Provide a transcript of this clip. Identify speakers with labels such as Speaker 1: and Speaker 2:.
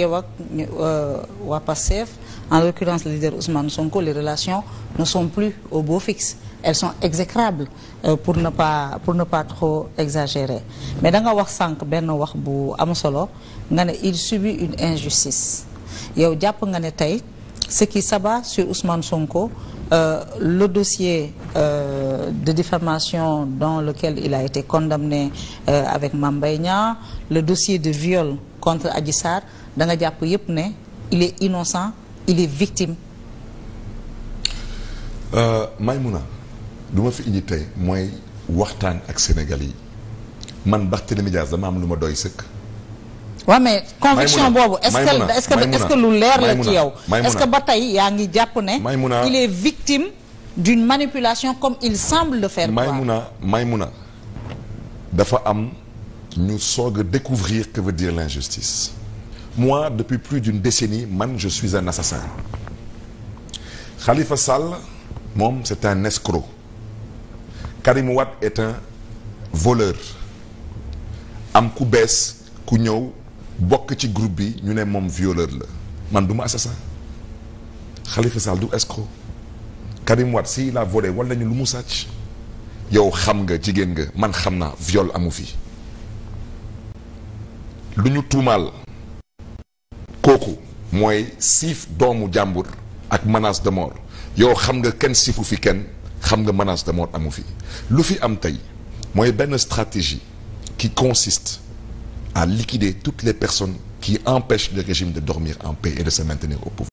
Speaker 1: yow ak euh, waa Pastef en l'occurrence le leader Ousmane Sonko les relations ne sont plus au beau fixe elles sont exécrables euh, pour ne pas pour ne pas trop exagérer mais danga wax sànq benn wax bu am solo nga ne il subit une injustice yow jàpp nga ne tey ce qui s'abat sur Ousmane Sonko euh, le dossier euh, de diffamation dans lequel il a été condamné euh, avec Mame Mbaye Niang le dossier de viol contre Adji da nga jàpp yépp ne il est innocent il est victime.
Speaker 2: Euh, Maïmouna du ma fi indi tey mooy waxtaan ak Sénégal yi man Barthélémy Dias dama am lu ma doy sëkk.
Speaker 1: waaw mais conviction boobu est-ce que est-ce que est-ce que lu leer la ci yow est-ce que ba tey yaa ngi jàpp ne il est victime d'une manipulation comme il semble le faire Maïmouna
Speaker 2: Maïmouna dafa am ñu soog a découvrir que veut dire l'injustice moi depuis plus d'une décennie man je suis un assassin Khalifa Sall moom c'est un escroc Karim Wade un voleur am ku bees ku ñëw bokk ci groupe bi ñu ne moom violeur la man du ma assassin Khalifa Sall du escroc Karim si la volé wala nañu lu mu sàcc yow xam nga jigéen nga man xam naa viol amu fi lu ñu tuumaal mooy siif doomu jàmbur ak menace de mort yow xam nga kenn siifu fi kenn xam nga menace de mort amu fi lu fi am tey mooy benn stratégie qui consiste à liquider toutes les personnes qui empêchent le régime de dormir en paix et de se maintenir au pouvoir